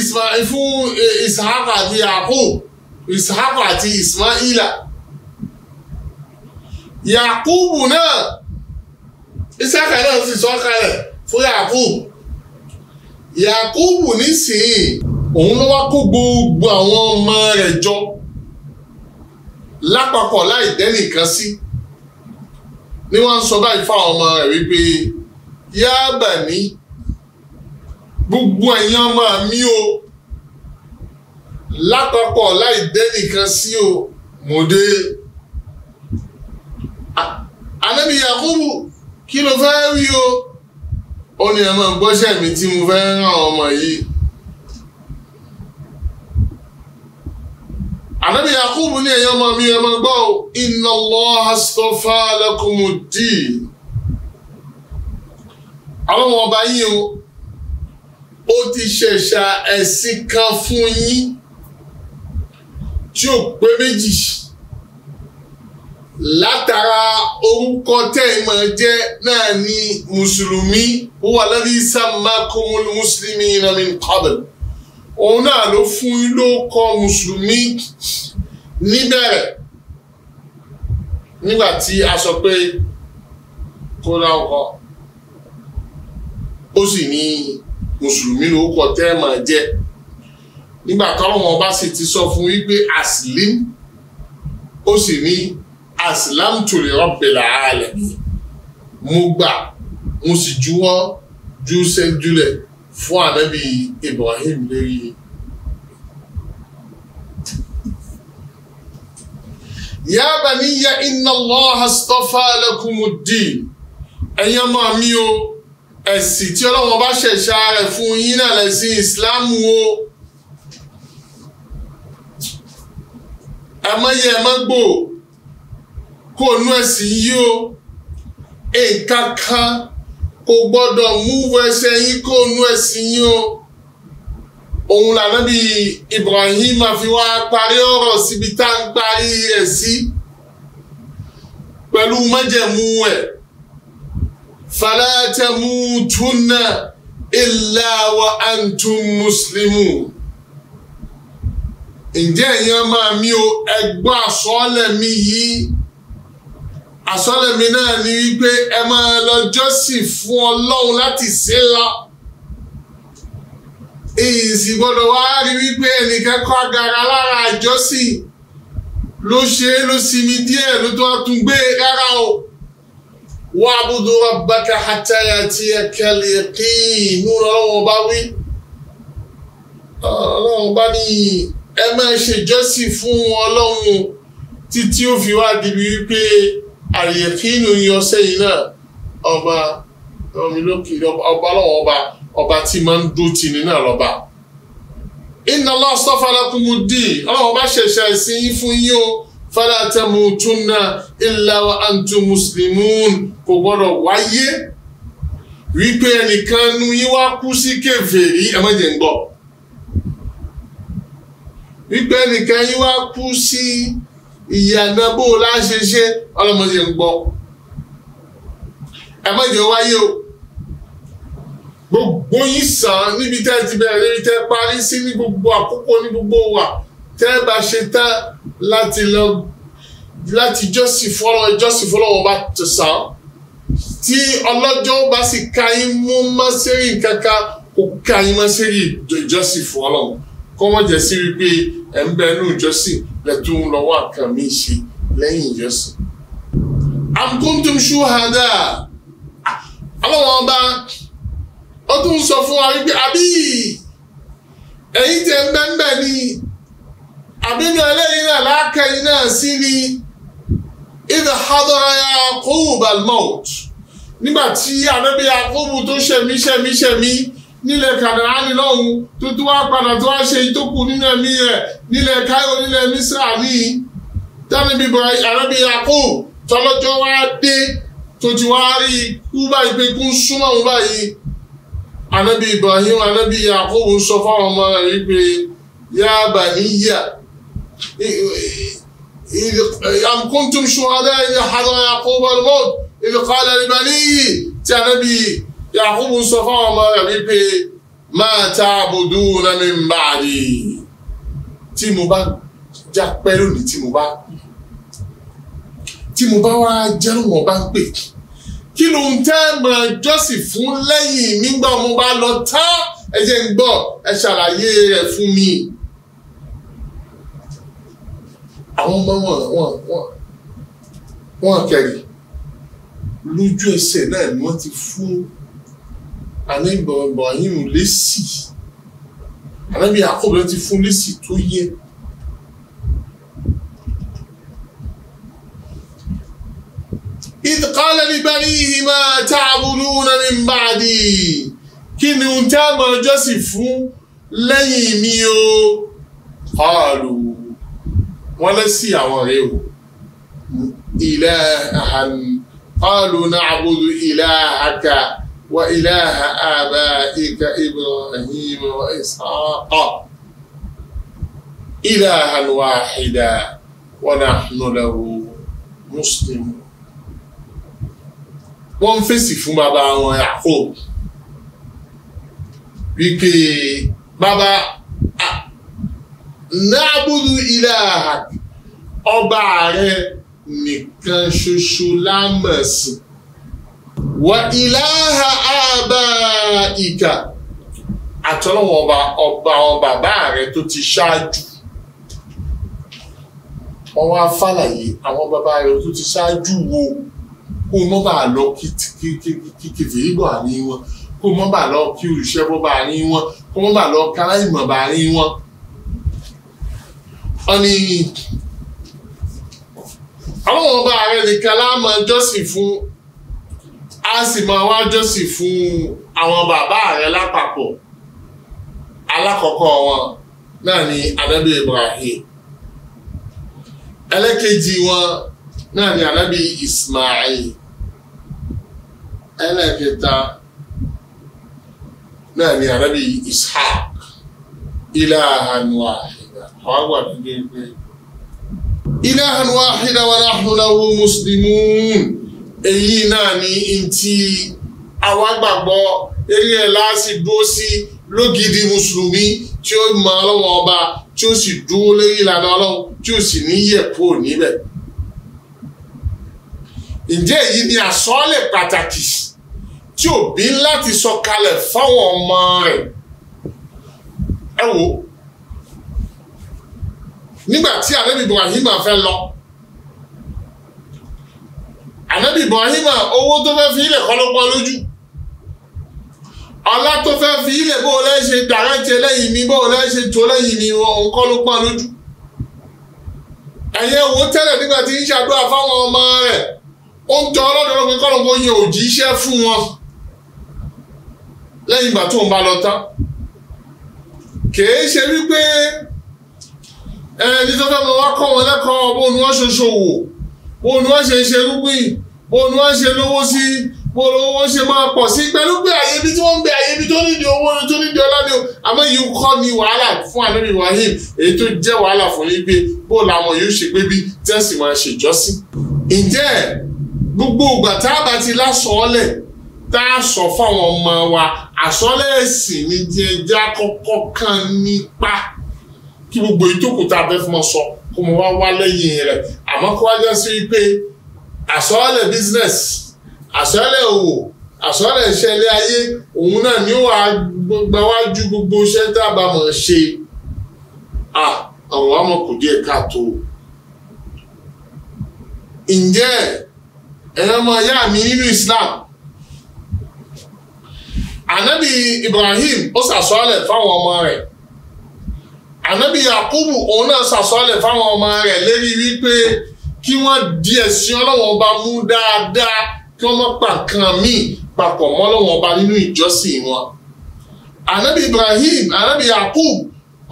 fún eh, Isahaka àti Yákúbù ishaq àti ismaila yakubu náà isaka náà sì sọ̀kalẹ̀ fún yakubu yakubu nísìnyí òun ló wá kó gbogbo àwọn ọmọ rẹ̀ jọ lápapọ̀ láì dẹ́nìkan sí ni wọ́n ń sọ báyìí fáwọn ọmọ rẹ̀ wípé yáàbà ní gbogbo ẹ̀yin ọmọ mi o lápapọ̀ láì dẹ́nìkan sí o mo dé anábì Yakubu kí ló fẹ́ rí o ó ní ẹ máa gbọ́ṣẹ́ mi tí mo fẹ́ ràn ọmọ yìí anábì Yakubu ní ẹ̀yọ́ ọmọ mi ẹ máa gbọ́ o inna Allaha astafa lakumud-din àwọn ọba yìí o ó ti ṣẹ̀ṣà ẹ̀sìn kan fún yín tí ò pé méjì látara orúkọ tẹ́ ẹ máa jẹ́ náà ni mùsùlùmí huwa alladhi sammakumul muslimina min qabl òun náà ló fún yín ló kọ mùsùlùmí níbẹ̀rẹ̀ nígbà tí a sọ pé kó náà kọ ó sì ní mùsùlùmí ló kọ tẹ́ jẹ́ nígbà tọ́lọ́wọ́n ọba sì ti sọ fún wípé aslim ó sì ní aslamtu li rabbil alamin mo gbà mo sì juwọ́ ju sẹ́júlẹ̀ fún ànábì Ibrahim lórí ya baniya inna Allaha astafa lakumuddin ẹ̀yàn máa mi o ẹ̀sìn tí ọlọ́wọ́n bá ṣẹ̀ṣà rẹ̀ fún yín náà lẹ́sìn ìsìláàmù o. ẹ má yẹ ẹ má gbò kó nú ẹ̀sìn yìí o nǹkan kan kò gbọ́dọ̀ múwú ẹsẹ̀ yín kó nú ẹ̀sìn yìí o òun lànà bí Ibrahim fi parí ọ̀rọ̀ síbi tá à ń parí rẹ̀ sí pẹ̀lú májẹ̀mú ẹ̀ fala tamutunna illa wa antum muslimun ǹjẹ́ ẹ̀yin ọmọ mi o ẹ gbọ́ àsọ́ọ́lẹ̀ mi yìí àsọ́ọ́lẹ̀ mi náà ni wípé ẹ máa lọ jọ́sìn fún ọlọ́run láti ṣe lọ ìsì gbọ́dọ̀ wá rí wípé ẹnìkan kọ́ agara lára àjọsìn ló ṣe é ló sinmi díẹ̀ ló tó tún gbé e rárá o wà á bùdó rabbaka hatta ya'tiyaka al-yaqin nínú ọlọ́run ọba wí ọlọ́run ọba nìyí ẹ máa ṣe ìjọsìn fún ọlọ́run títí ó fi wá débi wípé àyẹ̀kínú yan sẹ́yìn náà ọba ọmọlókè ọba lọ́wọ́ ọba ọba tí máa ń dó tì náà lọ́ba. inna Allah astafa lakumuddin ọlọ́run ọba ṣẹ̀ṣẹ̀ ẹ̀sìn yín fún yín o fala tamutunna illa wa antum muslimun kò gbọ́dọ̀ wáyé wípé ẹnìkan nu yín wá kú sí kèfèrí ẹ má ń gbọ́ wípé nìkan yín wá kú sí ìyànà bó o láṣẹ ṣe ọlọ́mọdé ń gbọ́ ẹ mọ̀jọ wáyé o gbogbo yín sàn níbi tẹ́ ti bẹ̀rẹ̀ níbi tẹ́ parí sí ní gbogbo àkókò ní gbogbo wà tẹ́ bá ṣe tán láti lọ láti jọ́sìn fọ́lọ́ jọ́sìn fọ́lọ́ bá tó sàn tí ọlọ́jọ́ bá sì ka yín mú mọ́ sẹ́yìn kankan kò ka yín mọ́ sẹ́yìn ìjọ́sìn fọ́lọ́ kó wọ́n jẹ́ sí wípé ẹ̀ ń bẹ inú ìjọsìn lẹ́tọ́ ń lọ́wọ́ àkàn mi ṣe lẹ́yìn ìjọsìn. àmkúntùm ṣúhàdà ọlọ́wọ́n ọba ó tún sọ fún wa wípé àbí ẹ̀yin tẹ̀ ń bẹ́ńbẹ́ ni àbínú ẹlẹ́yìn náà lákẹ́yìn náà sí ni ìdá hadara Yaqub al-maut nígbà tí anábì Yakubu tó ṣẹ̀mí ṣẹ̀mí ṣẹ̀mí nílẹ̀ kàdáàlì lọ́hùn tó tún wá padà tó wá ṣe ìtókù nínú ẹ̀mí ẹ̀ nílẹ̀ káyọ̀ nílẹ̀ mísírà ní tẹ́lẹ̀bí bọ̀ àrẹ́bí yakó tọ́lọ́jọ́ wá dé tó ti wá rí ikú báyìí pé kún súnmọ́ òun báyìí àrẹ́bí Ibrahim àrẹ́bí yakó ń sọ fáwọn ọmọ rẹ̀ wípé yáàbà níyà am kuntum shuhada idh hadara yaquba al-mawt idh Yakubu sọ fáwọn ọmọ rẹ̀ wípé máa ta àbòdú nami ń bá rí tí mo bá já pẹ́ lónìí tí mo bá tí mo bá wá jẹ́rù wọn bá ń pè kí ló ń tẹ́ mọ̀ jọ́sìn fún lẹ́yìn nígbà mo bá lọ tán ẹ jẹ́ ń gbọ́ ẹ ṣàlàyé rẹ̀ fún mi àwọn ọmọ wọn wọn wọn wọn kẹrì lójú ẹsẹ̀ náà ni wọ́n ti fún ànábì Ibrahim lésì ànábì Yakub ló ti fún lésì tó yẹ. إذ قال لبنيه ما تعبدون من بعدي kí ni ohun tí a máa jọ́sìn fún lẹ́yìn mi o qalu wọ́n lẹ́sìn àwọn rẹ̀ o ilahan qalu na'budu ilahaka. وإله آبائك إبراهيم وإسحاق إلها واحدا ونحن له مسلمون wọ́n ń fèsì fún bàbá wọn Yakub wípé bàbá náàbùdù ilaha ọba rẹ nìkan ṣoṣo lámọ̀sìn wà ìlàhà àbá ìkà àtọ́lọ́wọ́ ọba ọba àwọn bàbá rẹ tó ti ṣáájú wọ́n wá fàlàyé àwọn bàbá rẹ tó ti ṣáájú wo kó mọ́ bá lọ kìkìkì ìgbọ̀ àní wọn kó mọ́ bá lọ kí olùṣẹ́bọ̀ bá ní wọn kó mọ́ bá lọ kára ìmọ̀ bá ní wọn. wọ́n ní àwọn ọba rẹ nìkan láàmú ọjọ́sìn fún a sì máa wá jọ́sìn fún àwọn bàbá rẹ̀ lápapọ̀ alákọ̀ọ́kọ́ wọn náà ni anábì Ibrahim ẹlẹ́kejì wọn náà ni anábì Ismail ẹlẹ́kẹta náà ni anábì Ishaq ilahan wahida àwọn àgbàdo gbé ilé ilahan wahida wa nahnu lahu muslimun èyí náà ni ntí àwa gbàgbọ́ eré ẹ̀ láàsì dúró sí lógidi mùsùlùmí tí ó mọ ọlọ́wọ́n ọba tí ó sì dúró lórí ìlànà ọlọ́run tí ó sì ní yẹ̀ kúrò níbẹ̀. ǹjẹ́ èyí ni àsọ́ọ́lẹ̀ pàtàkì tí òbí láti sọ kalẹ̀ fáwọn ọmọ rẹ̀ ẹ wò nígbà tí ànábì Ibrahim fẹ́ lọ ànábì Ibrahim owó tó fẹ́ fi ilẹ̀ kọ́ ló pọ́n lójú ọlá tó fẹ́ fi ilẹ̀ bó lẹ́ ṣe dàrántẹ lẹ́yìn mi bó lẹ́ ṣe tó lẹ́yìn mi òun kọ́ ló pọ́n lójú ẹ̀yẹ wo tẹ́lẹ̀ nígbà tí ń ṣàdúrà fáwọn ọmọ rẹ̀ ó ń tọ ọlọ́dọ̀ lọ́pẹ́ kọ́ ló ń yẹ fún wọn lẹ́yìn òun wọn ṣe lówó sí gbòòrò wọn ṣe máa pọ̀ sí pẹ̀lú pé àyè ibi tí wọ́n ń bẹ àyè ibi tó nídìí owó ni tó nídìí ọlá ni o àmọ́ yìí kọ́ ni wàhálà fún ànábì Ibrahim èyí tó jẹ́ wàhálà fún yín pé bó làwọn yóò ṣe pé bí tẹ́sí máa ṣèjọ́sìn. ǹjẹ́ gbogbo ìgbà tá a bá ti lásọ̀ọ́lẹ̀ tá a sọ fáwọn ọmọ wa àsọ̀ọ́lẹ̀ ẹ̀sìn ni jẹjẹ àkọ́kọ́ kan nípa kí gbogbo ìtòkùtà abẹ́fọ́mọ sọ kó mo wá wá lẹ́yìn àsọ́ọ́lẹ̀ business àsọ́ọ́lẹ̀ òwò àsọ́ọ́lẹ̀ iṣẹ́ ilé ayé òun náà ni ó wà gbáwájú gbogbo iṣẹ́ tá a bá mọ̀ ṣe àwọn ọmọ kò díẹ̀ ǹjẹ́ ẹ̀rọ ọmọ ìyá mi nínú Islam anabi Ibrahim ó sàsọ́ọ́lẹ̀ fáwọn ọmọ rẹ̀ anabi Yakubu òun náà sàsọ́ọ́lẹ̀ fáwọn ọmọ rẹ̀ lérí wípé kí wọ́n di ẹ̀sìn ọlọ́wọ́n ọba mú dáadáa kí wọ́n má pa nǹkan míì papọ̀ mọ́ ọlọ́wọ́n ọba nínú ìjọsìn wọn. ànábì Ibrahim ànábì Yakub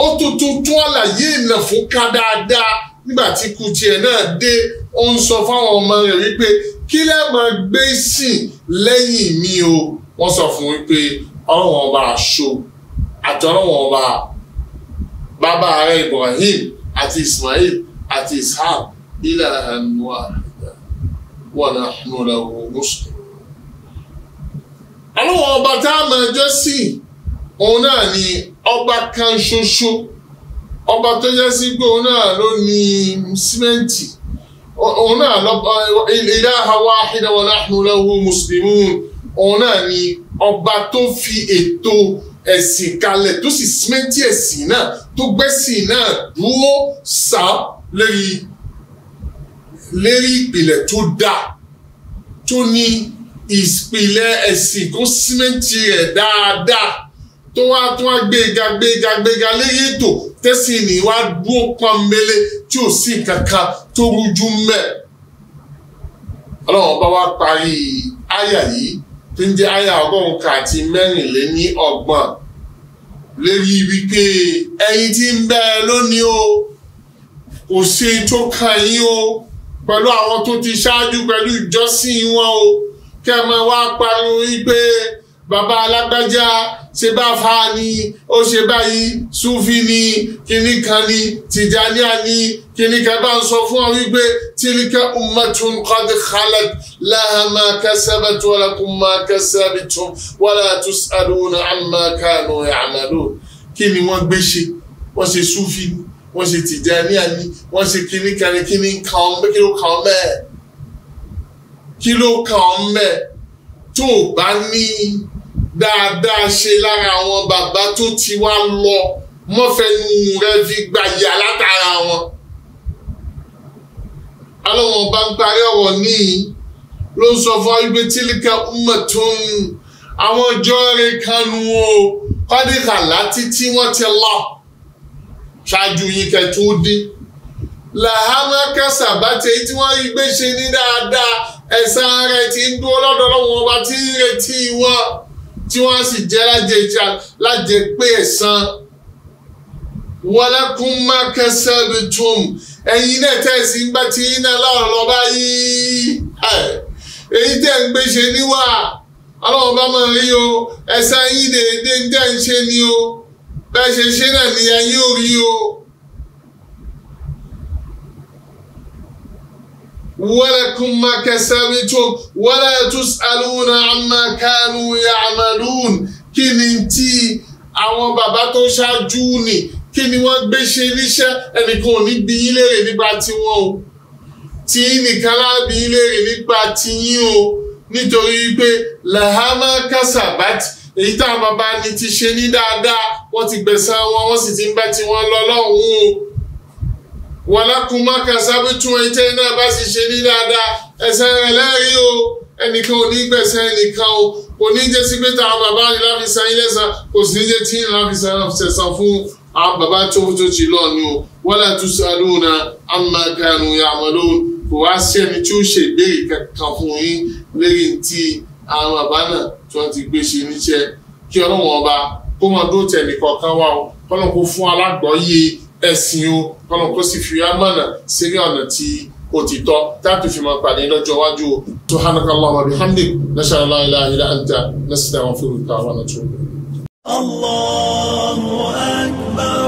ó tuntun tún àlàyé ìlẹ̀ fún ká dáadáa nígbà tí ikú tiẹ̀ náà dé ó ń sọ fáwọn ọmọ rẹ̀ wípé kí lẹ́ máa gbé sìn lẹ́yìn mi o wọ́n sọ fún wípé ọlọ́wọ́n ọba àṣọ àti ọlọ́wọ́n ọba bàbá rẹ̀ Ibrahim àti Ismail àti Ishaq إلها واحدا ونحن له مسلمون ọlọ́wọ́ ọba tá a máa jẹ́ sí òun náà ni ọba kan ṣoṣo ọba tó jẹ́ sí pé òun náà ló ní símẹ́ǹtì òun náà lọ́ba ilaha wahida wa nahnu lahu òun náà ni ọba tó fi ètò ẹ̀sìn kalẹ̀ tó sì símẹ́ǹtì ẹ̀sìn náà tó gbẹ́sìn náà dúró sá lórí lérí ìpìlẹ̀ tó dáa tó ní ìpìlẹ̀ ẹ̀sìn kó símẹ́ǹtì rẹ̀ dáadáa tó wá tó wá gbéga gbéga gbéga lérí ètò tẹ́sí ni wá dúró pọ́nbélé tí ò sí kankan tó rújú mẹ́. ọlọ́run bá wá parí àyà yìí tó ń jẹ́ àyà ọgọ́rùn kan àti mẹ́rìnléní ọgbọ̀n lérí wípé ẹ̀yin tí ń bẹ lónìí o kò ṣe tó kàn yín o pẹ̀lú àwọn tó ti ṣáájú pẹ̀lú ìjọsìn wọn o kẹ́ ẹ máa wá pariwo wípé bàbá alágbájá ṣe bá fa ni ó ṣe báyìí súfì ni kìnnì kan ni tìjàníà ni kìnnì kan bá ń sọ fún ọ wípé tilka ummatun qad khalat laha ma kasabat wa lakum ma kasabtum wa la tus'aluna amma kanu kí ni wọ́n gbé ṣe wọ́n ṣe súfì ni wọ́n ṣe Tìjàníyà ni wọ́n ṣe kíní kan kíní kan mẹ́ kí ló kan mẹ́ kí ló kan mẹ́ tó o bá ní dáadáa ṣe lára àwọn bàbá tó ti wá lọ mọ́fẹ́nu rẹ fi gbàyà látara wọn. alọ́wọ́n bá ń parí ọ̀rọ̀ níyì ló ń sọ fún wípé tílíkà ummatun àwọn ọjọ́ kanu o kọ́díkà láti tí wọ́n ti lọ ṣáájú yín kẹ́ tó dé làhámà kásà bá ti èyí tí wọ́n rí gbé ṣe ní dáadáa ẹ̀san rẹ̀ ti ń dúró lọ́dọ̀ lọ́wọ́ ọba tí ń retí wọn tí wọ́n sì jẹ́ lájẹ ìjà lájẹ pé ẹ̀san walakum ma kasabtum ẹ̀yin náà tẹ̀sí ń bá ti iná láwọn lọ́ba yìí èyí tẹ̀ ń gbé ṣe níwà ọlọ́wọ́ bá máa rí o ẹ̀san yín dèédé ń tẹ̀ ń ṣe ni o bẹ́ẹ̀ ṣe ṣe náà ni ayé ò rí o. walakum ma kasabtum wala tus'aluna amma kanu ya'malun kí ni tí àwọn bàbá tó ṣáájú ni kí ni wọ́n gbé ṣe níṣẹ́ ẹnìkan ò ní bi yín léèrè nípa tiwọn o tí nìkan láàbí yín léèrè nípa tiyín o nítorí pé làhámà kásábàtì èyí táwọn bàbá ni ti ṣe ní dáadáa wọ́n ti gbẹ̀san wọn wọ́n sì ti ń bá tí wọ́n lọ lọ́hùn-ún wọ́n lákùnmọ́ kan sábẹ́tún ẹ̀jẹ̀ náà bá sì ṣe ní dáadáa ẹ̀sẹ̀ rẹ̀ lẹ́rìí o ẹnìkan ò ní gbẹ̀san ẹnìkan o kò ní jẹ́ sí pé táwọn bàbá rẹ̀ láfi san ilé san kò sì ní jẹ́ tí ń láfi sẹ̀sán fún àwọn bàbá tó tó ti lọ ni o wọ́n là tún sàlùú na amákanu yàmọ́lò kò wá sí ẹni tí ó ṣe ìbéèrè kankan fún yín lẹ́yìn tí àwọn bàbá náà tí wọ́n ti gbé ṣe níṣẹ́ kí ọlọ́wọ́n ọba kó máa dúró tẹ̀ nìkọ̀ọ̀kan wa o kọ́lọ́n kó fún alágbọ̀ọ́yé ẹ̀sìn o kọ́lọ́n kó sì fi amọ̀nà sírí ọ̀nà tí ó ti tọ́ táàtù fi máa pàdé lọ́jọ́ iwájú o subhanakallahumma wa bihamdik nashhadu an la ilaha illa anta nastaghfiruka wa natubu. Allahu akbar.